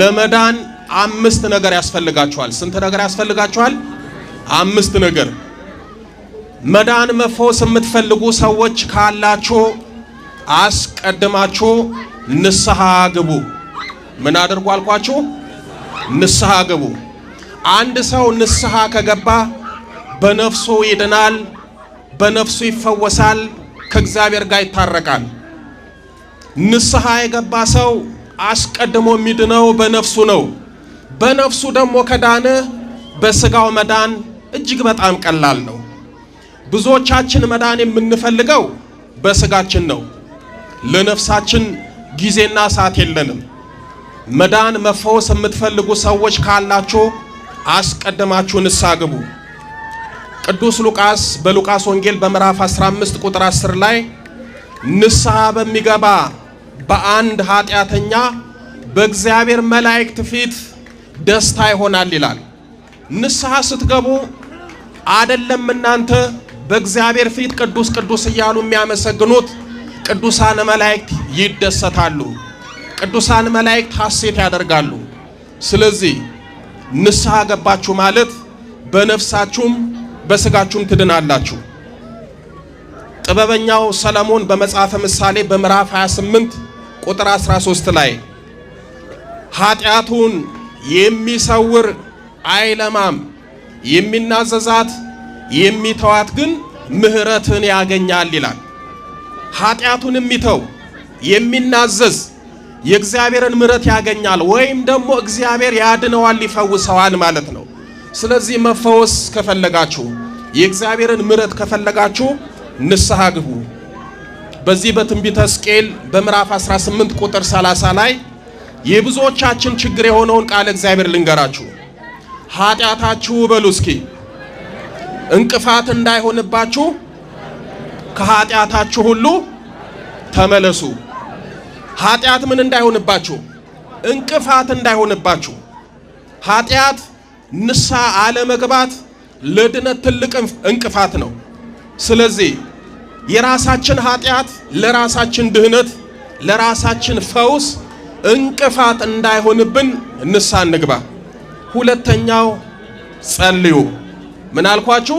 ለመዳን አምስት ነገር ያስፈልጋችኋል። ስንት ነገር ያስፈልጋችኋል? አምስት ነገር። መዳን መፈወስ የምትፈልጉ ሰዎች ካላችሁ አስቀድማችሁ ንስሐ ግቡ። ምን አድርጉ አልኳችሁ? ንስሐ ግቡ። አንድ ሰው ንስሐ ከገባ በነፍሱ ይድናል፣ በነፍሱ ይፈወሳል፣ ከእግዚአብሔር ጋር ይታረቃል። ንስሐ የገባ ሰው አስቀድሞ የሚድነው በነፍሱ ነው። በነፍሱ ደግሞ ከዳነ በስጋው መዳን እጅግ በጣም ቀላል ነው። ብዙዎቻችን መዳን የምንፈልገው በስጋችን ነው። ለነፍሳችን ጊዜና ሰዓት የለንም። መዳን መፈወስ የምትፈልጉ ሰዎች ካላችሁ አስቀድማችሁ ንስሐ ግቡ። ቅዱስ ሉቃስ በሉቃስ ወንጌል በምዕራፍ 15 ቁጥር 10 ላይ ንስሐ በሚገባ በአንድ ኃጢአተኛ በእግዚአብሔር መላእክት ፊት ደስታ ይሆናል ይላል። ንስሐ ስትገቡ አደለም እናንተ በእግዚአብሔር ፊት ቅዱስ ቅዱስ እያሉ የሚያመሰግኑት ቅዱሳን መላእክት ይደሰታሉ። ቅዱሳን መላእክት ሐሴት ያደርጋሉ። ስለዚህ ንስሐ ገባችሁ ማለት በነፍሳችሁም በስጋችሁም ትድናላችሁ። ጥበበኛው ሰለሞን በመጽሐፈ ምሳሌ በምዕራፍ 28 ቁጥር 13 ላይ ኃጢአቱን የሚሰውር አይለማም፣ የሚናዘዛት የሚተዋት ግን ምሕረትን ያገኛል ይላል። ኃጢአቱን የሚተው የሚናዘዝ የእግዚአብሔርን ምሕረት ያገኛል ወይም ደግሞ እግዚአብሔር ያድነዋል ሊፈውሰዋል ማለት ነው። ስለዚህ መፈወስ ከፈለጋችሁ የእግዚአብሔርን ምሕረት ከፈለጋችሁ ንስሐ ግቡ። በዚህ በትንቢተ ሕዝቅኤል በምዕራፍ 18 ቁጥር 30 ላይ የብዙዎቻችን ችግር የሆነውን ቃል እግዚአብሔር ልንገራችሁ። ኃጢአታችሁ በሉ እስኪ እንቅፋት እንዳይሆንባችሁ ከኃጢአታችሁ ሁሉ ተመለሱ። ኃጢአት ምን እንዳይሆንባችሁ? እንቅፋት እንዳይሆንባችሁ። ኃጢአት ንስሐ አለመግባት ለድነት ትልቅ እንቅፋት ነው። ስለዚህ የራሳችን ኃጢአት ለራሳችን ድህነት ለራሳችን ፈውስ እንቅፋት እንዳይሆንብን እንሳ እንግባ። ሁለተኛው ጸልዩ። ምን አልኳችሁ?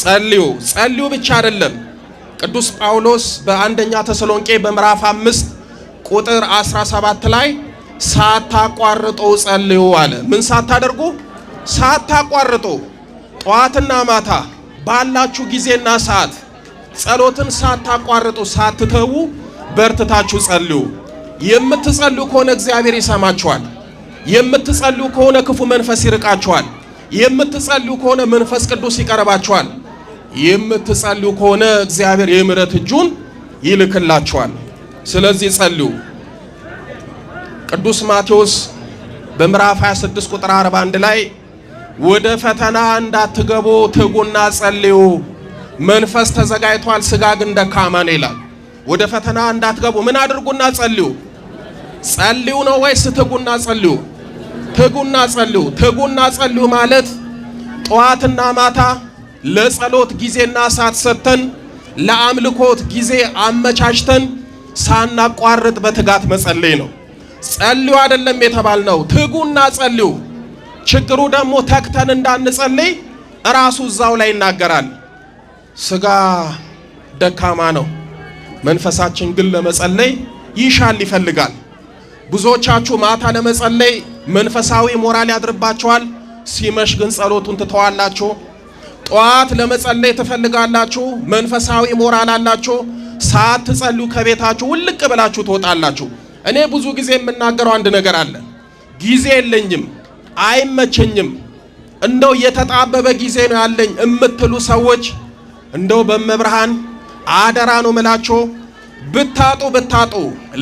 ጸልዩ። ጸልዩ ብቻ አይደለም። ቅዱስ ጳውሎስ በአንደኛ ተሰሎንቄ በምዕራፍ አምስት ቁጥር 17 ላይ ሳታቋርጡ ጸልዩ አለ። ምን ሳታደርጉ? ሳታቋርጡ ጠዋትና ማታ ባላችሁ ጊዜና ሰዓት ጸሎትን ሳታቋርጡ ሳትተዉ በርትታችሁ ጸልዩ። የምትጸልዩ ከሆነ እግዚአብሔር ይሰማችኋል። የምትጸልዩ ከሆነ ክፉ መንፈስ ይርቃችኋል። የምትጸልዩ ከሆነ መንፈስ ቅዱስ ይቀርባችኋል። የምትጸልዩ ከሆነ እግዚአብሔር የምሕረት እጁን ይልክላችኋል። ስለዚህ ጸልዩ። ቅዱስ ማቴዎስ በምዕራፍ 26 ቁጥር 41 ላይ ወደ ፈተና እንዳትገቡ ትጉና ጸልዩ መንፈስ ተዘጋጅቷል፣ ስጋ ግን ደካማ ነው ይላል። ወደ ፈተና እንዳትገቡ ምን አድርጉና ጸልዩ። ጸልዩ ነው ወይስ ትጉና ጸልዩ? ትጉና ጸልዩ። ትጉና ጸልዩ ማለት ጠዋትና ማታ ለጸሎት ጊዜና ሰዓት ሰጥተን ለአምልኮት ጊዜ አመቻችተን ሳናቋርጥ በትጋት መጸለይ ነው። ጸልዩ አይደለም የተባልነው፣ ትጉና ጸልዩ። ችግሩ ደግሞ ተክተን እንዳንጸልይ ራሱ እዛው ላይ ይናገራል። ስጋ ደካማ ነው፣ መንፈሳችን ግን ለመጸለይ ይሻል ይፈልጋል። ብዙዎቻችሁ ማታ ለመጸለይ መንፈሳዊ ሞራል ያድርባችኋል። ሲመሽ ግን ጸሎቱን ትተዋላችሁ። ጠዋት ለመጸለይ ትፈልጋላችሁ፣ መንፈሳዊ ሞራል አላችሁ። ሰዓት ትጸልዩ ከቤታችሁ ውልቅ ብላችሁ ትወጣላችሁ። እኔ ብዙ ጊዜ የምናገረው አንድ ነገር አለ። ጊዜ የለኝም፣ አይመቸኝም፣ እንደው የተጣበበ ጊዜ ነው ያለኝ የምትሉ ሰዎች እንደው በመብርሃን አደራ ነው ምላችሁ። ብታጡ ብታጡ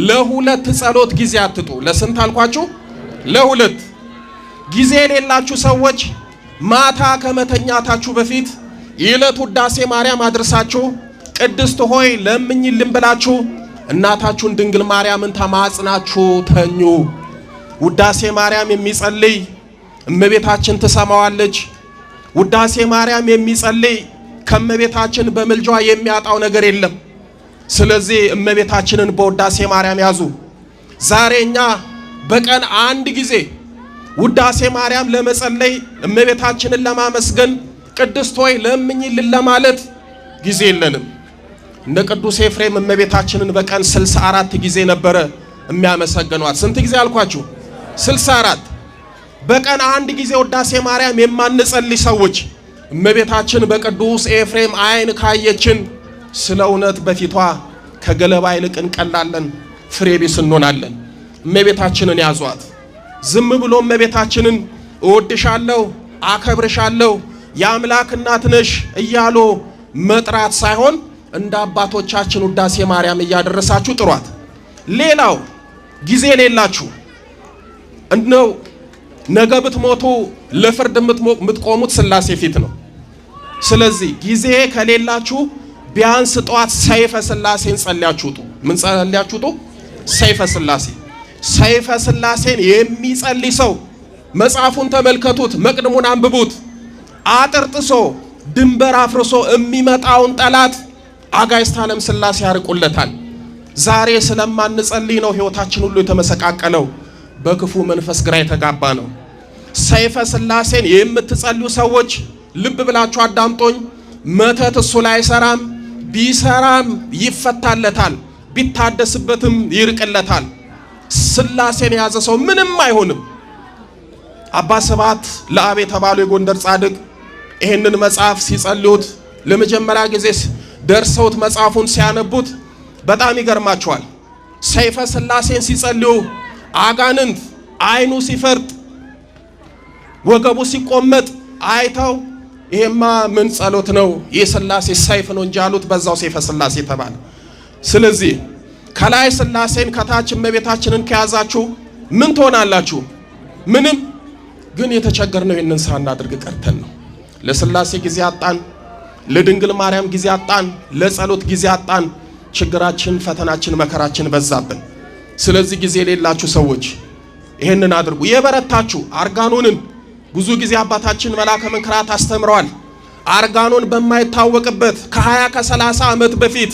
ለሁለት ጸሎት ጊዜ አትጡ። ለስንት አልኳችሁ? ለሁለት ጊዜ የሌላችሁ ሰዎች ማታ ከመተኛታችሁ በፊት የዕለት ውዳሴ ማርያም አድርሳችሁ ቅድስት ሆይ ለምኝልን ብላችሁ እናታችሁን ድንግል ማርያምን ተማጽናችሁ ተኙ። ውዳሴ ማርያም የሚጸልይ እመቤታችን ትሰማዋለች። ውዳሴ ማርያም የሚጸልይ ከእመቤታችን በምልጇ የሚያጣው ነገር የለም። ስለዚህ እመቤታችንን በውዳሴ ማርያም ያዙ። ዛሬ እኛ በቀን አንድ ጊዜ ውዳሴ ማርያም ለመጸለይ እመቤታችንን ለማመስገን ቅድስት ሆይ ለምኝልን ለማለት ጊዜ የለንም። እንደ ቅዱስ ኤፍሬም እመቤታችንን በቀን 64 ጊዜ ነበረ የሚያመሰግኗት። ስንት ጊዜ አልኳችሁ? 64 በቀን አንድ ጊዜ ውዳሴ ማርያም የማንጸልይ ሰዎች እመቤታችን በቅዱስ ኤፍሬም አይን ካየችን ስለ እውነት በፊቷ ከገለባ ይልቅ እንቀላለን፣ ፍሬ ቢስ እንሆናለን። እመቤታችንን ያዟት። ዝም ብሎ እመቤታችንን እወድሻለሁ፣ አከብርሻለሁ፣ የአምላክ እናት ነሽ እያሉ መጥራት ሳይሆን እንደ አባቶቻችን ውዳሴ ማርያም እያደረሳችሁ ጥሯት። ሌላው ጊዜ ሌላችሁ እንደው ነገ ብትሞቱ ለፍርድ የምትቆሙት ስላሴ ፊት ነው። ስለዚህ ጊዜ ከሌላችሁ ቢያንስ ጠዋት ሰይፈ ስላሴን ጸልያችሁ ውጡ። ምን ጸልያችሁ ሰይፈ ስላሴ ሰይፈ ስላሴን የሚጸልይ ሰው መጽሐፉን ተመልከቱት፣ መቅድሙን አንብቡት። አጥርጥሶ ድንበር አፍርሶ የሚመጣውን ጠላት አጋዕዝተ ዓለም ስላሴ ያርቁለታል። ዛሬ ስለማንጸልይ ነው ህይወታችን ሁሉ የተመሰቃቀለው። በክፉ መንፈስ ግራ የተጋባ ነው። ሰይፈ ስላሴን የምትጸልዩ ሰዎች ልብ ብላችሁ አዳምጦኝ። መተት እሱ ላይ አይሰራም፣ ቢሰራም ይፈታለታል፣ ቢታደስበትም ይርቅለታል። ስላሴን የያዘ ሰው ምንም አይሆንም። አባ ስብሐት ለአብ የተባሉ የጎንደር ጻድቅ ይህንን መጽሐፍ ሲጸልዩት ለመጀመሪያ ጊዜ ደርሰውት መጽሐፉን ሲያነቡት በጣም ይገርማቸዋል። ሰይፈ ስላሴን ሲጸልዩ አጋንንት አይኑ ሲፈርጥ ወገቡ ሲቆመጥ አይተው ይሄማ ምን ጸሎት ነው? ይህ ሥላሴ ሰይፍ ነው እንጂ አሉት። በዛው ሰይፈ ስላሴ ተባለ። ስለዚህ ከላይ ስላሴን ከታች እመቤታችንን ከያዛችሁ ምን ትሆናላችሁ? ምንም። ግን የተቸገርነው ይህንን ሳናድርግ ቀርተን ነው። ለሥላሴ ጊዜ አጣን፣ ለድንግል ማርያም ጊዜ አጣን፣ ለጸሎት ጊዜ አጣን። ችግራችን፣ ፈተናችን፣ መከራችን በዛብን። ስለዚህ ጊዜ የሌላችሁ ሰዎች ይሄንን አድርጉ። የበረታችሁ አርጋኖንን ብዙ ጊዜ አባታችን መልአከ መንክራት አስተምረዋል። አርጋኖን በማይታወቅበት ከ20 ከ30 ዓመት በፊት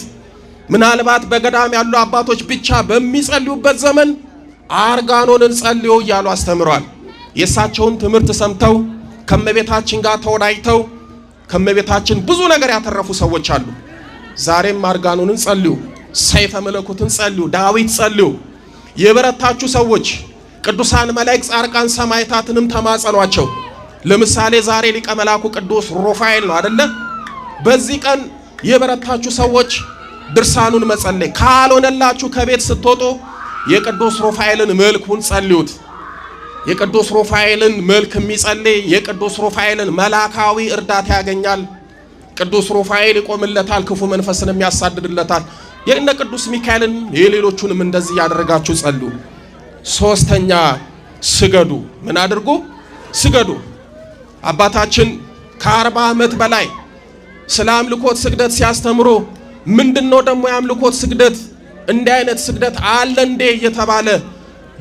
ምናልባት በገዳም ያሉ አባቶች ብቻ በሚጸልዩበት ዘመን አርጋኖንን ጸልዮ እያሉ አስተምረዋል። የእሳቸውን ትምህርት ሰምተው ከመቤታችን ጋር ተወዳጅተው ከመቤታችን ብዙ ነገር ያተረፉ ሰዎች አሉ። ዛሬም አርጋኖንን ጸልዩ፣ ሰይፈ መለኮትን ጸልዩ፣ ዳዊት ጸልዩ። የበረታችሁ ሰዎች ቅዱሳን መላእክት፣ ጻርቃን፣ ሰማዕታትንም ተማጸኗቸው። ለምሳሌ ዛሬ ሊቀ መላኩ ቅዱስ ሩፋኤል ነው አደለ? በዚህ ቀን የበረታችሁ ሰዎች ድርሳኑን መጸለይ ካልሆነላችሁ ከቤት ስትወጡ የቅዱስ ሩፋኤልን መልኩን ጸልዩት። የቅዱስ ሩፋኤልን መልክ የሚጸልይ የቅዱስ ሩፋኤልን መላካዊ እርዳታ ያገኛል። ቅዱስ ሩፋኤል ይቆምለታል፣ ክፉ መንፈስንም ያሳድድለታል። የእነ ቅዱስ ሚካኤልን የሌሎቹንም እንደዚህ ያደረጋችሁ ጸሉ። ሶስተኛ ስገዱ። ምን አድርጉ? ስገዱ። አባታችን ከአርባ ዓመት በላይ ስለ አምልኮት ስግደት ሲያስተምሩ ምንድን ነው ደግሞ የአምልኮት ስግደት እንዲህ አይነት ስግደት አለ እንዴ እየተባለ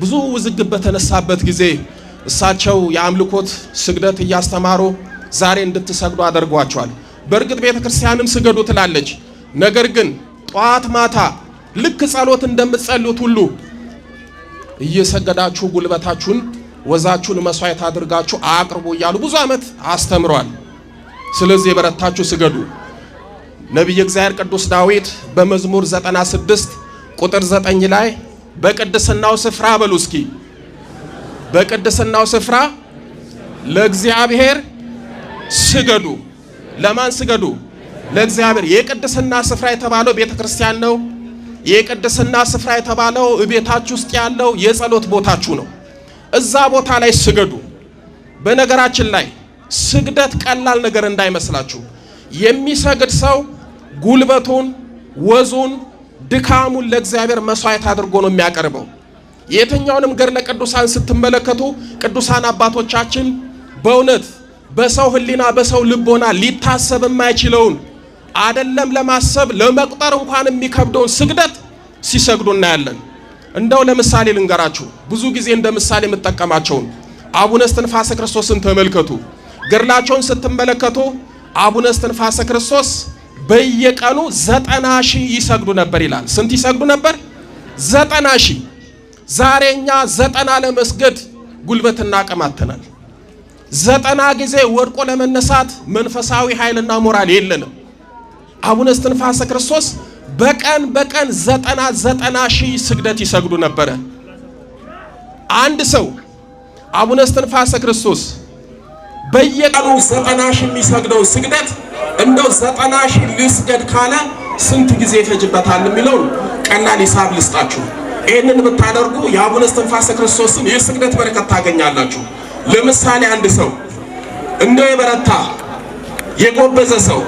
ብዙ ውዝግብ በተነሳበት ጊዜ እሳቸው የአምልኮት ስግደት እያስተማሩ ዛሬ እንድትሰግዱ አደርጓቸዋል። በእርግጥ ቤተ ክርስቲያንም ስገዱ ትላለች። ነገር ግን ጧት ማታ ልክ ጸሎት እንደምትጸልዩት ሁሉ እየሰገዳችሁ ጉልበታችሁን ወዛችሁን መስዋዕት አድርጋችሁ አቅርቡ እያሉ ብዙ ዓመት አስተምሯል። ስለዚህ የበረታችሁ ስገዱ። ነቢየ እግዚአብሔር ቅዱስ ዳዊት በመዝሙር 96 ቁጥር 9 ላይ በቅድስናው ስፍራ በሉ እስኪ በቅድስናው ስፍራ ለእግዚአብሔር ስገዱ። ለማን ስገዱ? ለእግዚአብሔር የቅድስና ስፍራ የተባለው ቤተ ክርስቲያን ነው። የቅድስና ስፍራ የተባለው እቤታችሁ ውስጥ ያለው የጸሎት ቦታችሁ ነው። እዛ ቦታ ላይ ስገዱ። በነገራችን ላይ ስግደት ቀላል ነገር እንዳይመስላችሁ። የሚሰግድ ሰው ጉልበቱን፣ ወዙን፣ ድካሙን ለእግዚአብሔር መስዋዕት አድርጎ ነው የሚያቀርበው። የትኛውንም ገድለ ቅዱሳን ስትመለከቱ ቅዱሳን አባቶቻችን በእውነት በሰው ሕሊና በሰው ልቦና ሊታሰብ የማይችለውን አደለም ለማሰብ ለመቁጠር እንኳን የሚከብደውን ስግደት ሲሰግዱ እናያለን። እንደው ለምሳሌ ልንገራችሁ፣ ብዙ ጊዜ እንደ ምሳሌ የምጠቀማቸውን አቡነ እስትንፋሰ ክርስቶስን ተመልከቱ። ገድላቸውን ስትመለከቱ አቡነ እስትንፋሰ ክርስቶስ በየቀኑ ዘጠና ሺህ ይሰግዱ ነበር ይላል። ስንት ይሰግዱ ነበር? ዘጠና ሺህ። ዛሬ እኛ ዘጠና ለመስገድ ጉልበትና አቅም አጥተናል። ዘጠና ጊዜ ወድቆ ለመነሳት መንፈሳዊ ኃይልና ሞራል የለንም። አቡነ እስትንፋሰ ክርስቶስ በቀን በቀን ዘጠና ዘጠና ሺህ ስግደት ይሰግዱ ነበረ። አንድ ሰው አቡነ እስትንፋሰ ክርስቶስ በየቀኑ ዘጠና ሺህ የሚሰግደው ስግደት እንደው ዘጠና ሺህ ልስገድ ካለ ስንት ጊዜ ይፈጅበታል የሚለውን ቀላል ሂሳብ ልስጣችሁ። ይህንን ብታደርጉ የአቡነ እስትንፋሰ ክርስቶስን የስግደት በረከት ታገኛላችሁ። ለምሳሌ አንድ ሰው እንደው የበረታ የጎበዘ ሰው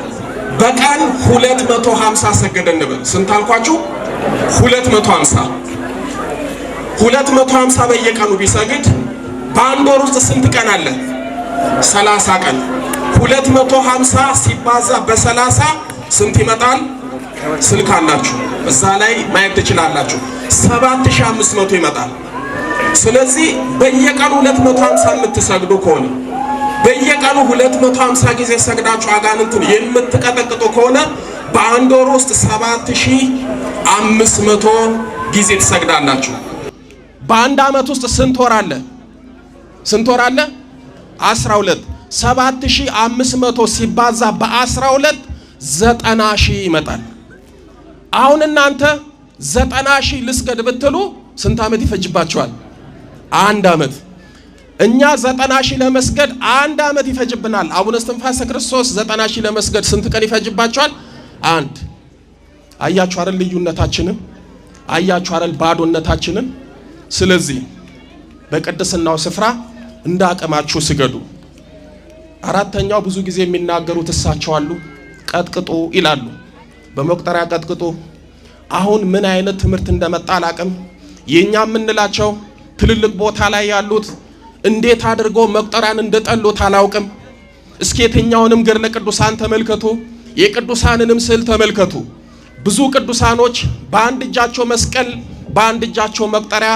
በቀን 250 ሰገደ እንበል። ስንት አልኳችሁ? 250 250 በየቀኑ ቢሰግድ በአንድ ወር ውስጥ ስንት ቀን አለ? 30 ቀን። 250 ሲባዛ በ30 ስንት ይመጣል? ስልክ አላችሁ፣ እዛ ላይ ማየት ትችላላችሁ። 7500 ይመጣል። ስለዚህ በየቀኑ 250 የምትሰግዱ ከሆነ በየቀኑ 250 ጊዜ ሰግዳችሁ አጋንንትን የምትቀጠቅጡ ከሆነ በአንድ ወር ውስጥ 7500 ጊዜ ትሰግዳላችሁ። በአንድ አመት ውስጥ ስንት ወር አለ? ስንት ወር አለ? 12 7500 ሲባዛ በ12 ዘጠና ሺህ ይመጣል። አሁን እናንተ ዘጠና ሺህ ልስገድ ብትሉ ስንት ዓመት ይፈጅባችኋል? አንድ አመት? እኛ ዘጠና ሺህ ለመስገድ አንድ አመት ይፈጅብናል። አቡነ እስትንፋሰ ክርስቶስ ዘጠና ሺህ ለመስገድ ስንት ቀን ይፈጅባቸዋል? አንድ። አያችሁ አይደል ልዩነታችንን? አያችሁ አይደል ባዶነታችንን? ስለዚህ በቅድስናው ስፍራ እንደ አቅማችሁ ስገዱ። አራተኛው ብዙ ጊዜ የሚናገሩት እሳቸው አሉ፣ ቀጥቅጡ ይላሉ። በመቁጠሪያ ቀጥቅጡ። አሁን ምን አይነት ትምህርት እንደመጣ አላቅም። የእኛ የምንላቸው ትልልቅ ቦታ ላይ ያሉት እንዴት አድርጎ መቁጠሪያን እንደጠሉት አላውቅም። እስኪ የትኛውንም ገድለ ቅዱሳን ተመልከቱ፣ የቅዱሳንንም ስዕል ተመልከቱ። ብዙ ቅዱሳኖች በአንድ እጃቸው መስቀል፣ በአንድ እጃቸው መቁጠሪያ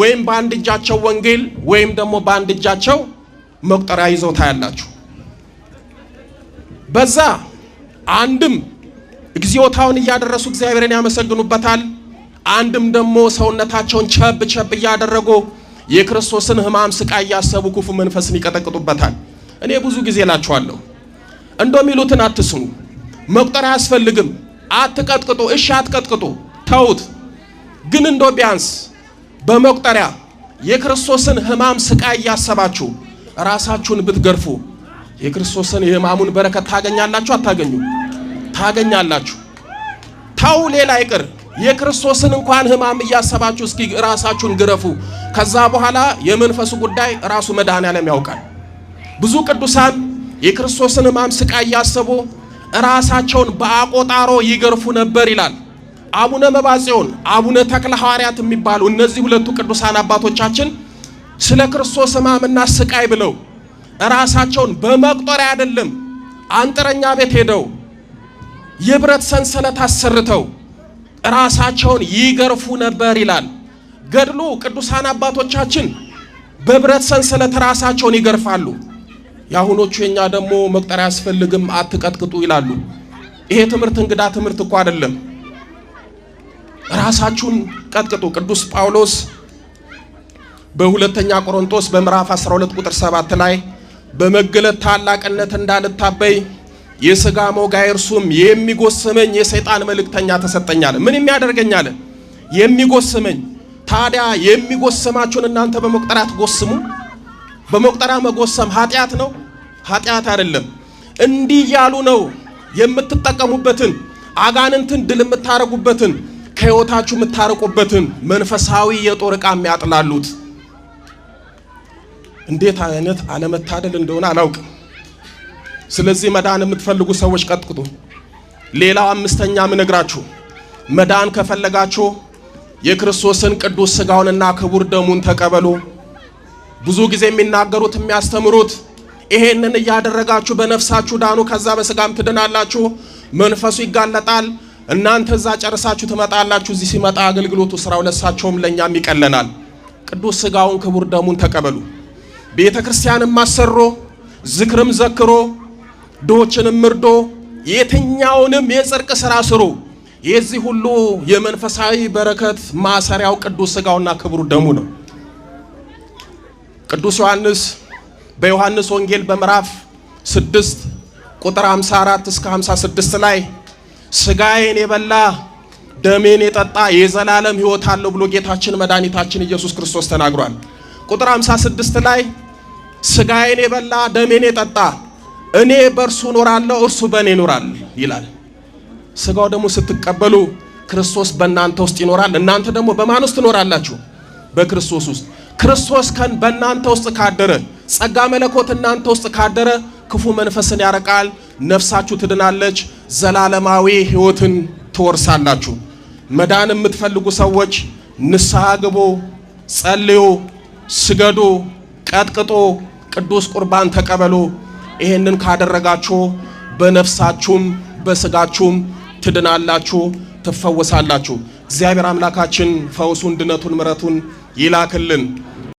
ወይም በአንድ እጃቸው ወንጌል ወይም ደግሞ በአንድ እጃቸው መቁጠሪያ ይዘው ታያላችሁ። በዛ አንድም እግዚኦታውን እያደረሱ እግዚአብሔርን ያመሰግኑበታል፣ አንድም ደግሞ ሰውነታቸውን ቸብ ቸብ እያደረጉ የክርስቶስን ህማም ስቃይ እያሰቡ ክፉ መንፈስን ይቀጠቅጡበታል። እኔ ብዙ ጊዜ እላችኋለሁ እንደሚሉትን አትስሙ፣ መቁጠር አያስፈልግም። አትቀጥቅጡ፣ እሺ አትቀጥቅጡ፣ ተውት። ግን እንዶ ቢያንስ በመቁጠሪያ የክርስቶስን ህማም ስቃይ እያሰባችሁ ራሳችሁን ብትገርፉ የክርስቶስን የህማሙን በረከት ታገኛላችሁ? አታገኙ? ታገኛላችሁ። ተው ሌላ ይቅር። የክርስቶስን እንኳን ህማም እያሰባችሁ እስኪ ራሳችሁን ግረፉ። ከዛ በኋላ የመንፈሱ ጉዳይ ራሱ መድኃኔዓለም ያውቃል። ብዙ ቅዱሳን የክርስቶስን ህማም ስቃይ እያሰቡ ራሳቸውን በአቆጣሮ ይገርፉ ነበር ይላል። አቡነ መባጽዮን፣ አቡነ ተክለ ሐዋርያት የሚባሉ እነዚህ ሁለቱ ቅዱሳን አባቶቻችን ስለ ክርስቶስ ህማምና ስቃይ ብለው ራሳቸውን በመቁጠሪያ አይደለም አንጥረኛ ቤት ሄደው የብረት ሰንሰለት አሰርተው ራሳቸውን ይገርፉ ነበር ይላል ገድሉ። ቅዱሳን አባቶቻችን በብረት ሰንሰለት ራሳቸውን ይገርፋሉ። የአሁኖቹ የኛ ደግሞ መቅጠር አያስፈልግም አትቀጥቅጡ ይላሉ። ይሄ ትምህርት እንግዳ ትምህርት እኮ አይደለም። ራሳችሁን ቀጥቅጡ። ቅዱስ ጳውሎስ በሁለተኛ ቆሮንቶስ በምዕራፍ 12 ቁጥር 7 ላይ በመገለጥ ታላቅነት እንዳልታበይ የሥጋ ሞጋ እርሱም የሚጎስመኝ የሰይጣን መልእክተኛ ተሰጠኛል። ምን የሚያደርገኛል? የሚጎስመኝ። ታዲያ የሚጎስማችሁን እናንተ በመቁጠራት ጎስሙ በመቁጠራ መጎሰም ኃጢአት ነው? ኃጢአት አይደለም። እንዲህ እያሉ ነው የምትጠቀሙበትን አጋንንትን ድል የምታረጉበትን ከሕይወታችሁ የምታረቁበትን መንፈሳዊ የጦር ዕቃ የሚያጥላሉት። እንዴት አይነት አለመታደል እንደሆነ አላውቅም። ስለዚህ መዳን የምትፈልጉ ሰዎች ቀጥቅጡ። ሌላው አምስተኛ ምነግራችሁ መዳን ከፈለጋችሁ የክርስቶስን ቅዱስ ስጋውንና ክቡር ደሙን ተቀበሉ። ብዙ ጊዜ የሚናገሩት የሚያስተምሩት ይሄንን እያደረጋችሁ በነፍሳችሁ ዳኑ፣ ከዛ በስጋም ትድናላችሁ። መንፈሱ ይጋለጣል። እናንተ እዛ ጨርሳችሁ ትመጣላችሁ። እዚህ ሲመጣ አገልግሎቱ ስራው ለሳቸውም ለእኛም ይቀለናል። ቅዱስ ስጋውን ክቡር ደሙን ተቀበሉ። ቤተ ክርስቲያንም አሰሮ ዝክርም ዘክሮ ድሆችንም ምርዶ የትኛውንም የጽርቅ ሥራ ስሩ። የዚህ ሁሉ የመንፈሳዊ በረከት ማሰሪያው ቅዱስ ሥጋውና ክብሩ ደሙ ነው። ቅዱስ ዮሐንስ በዮሐንስ ወንጌል በምዕራፍ 6 ቁጥር 54 እስከ 56 ላይ ሥጋዬን የበላ ደሜን የጠጣ የዘላለም ሕይወት አለው ብሎ ጌታችን መድኃኒታችን ኢየሱስ ክርስቶስ ተናግሯል። ቁጥር 56 ላይ ሥጋዬን የበላ ደሜን የጠጣ እኔ በእርሱ እኖራለሁ፣ እርሱ በእኔ ይኖራል ይላል። ስጋው ደግሞ ስትቀበሉ ክርስቶስ በእናንተ ውስጥ ይኖራል፣ እናንተ ደግሞ በማን ውስጥ ትኖራላችሁ? በክርስቶስ ውስጥ። ክርስቶስ ከን በእናንተ ውስጥ ካደረ፣ ጸጋ መለኮት እናንተ ውስጥ ካደረ ክፉ መንፈስን ያረቃል፣ ነፍሳችሁ ትድናለች፣ ዘላለማዊ ሕይወትን ትወርሳላችሁ። መዳን የምትፈልጉ ሰዎች ንስሐ ግቡ፣ ጸልዩ፣ ስገዱ፣ ቀጥቅጦ ቅዱስ ቁርባን ተቀበሉ። ይሄንን ካደረጋችሁ በነፍሳችሁም በስጋችሁም ትድናላችሁ፣ ትፈወሳላችሁ። እግዚአብሔር አምላካችን ፈውሱን፣ ድነቱን፣ ምረቱን ይላክልን።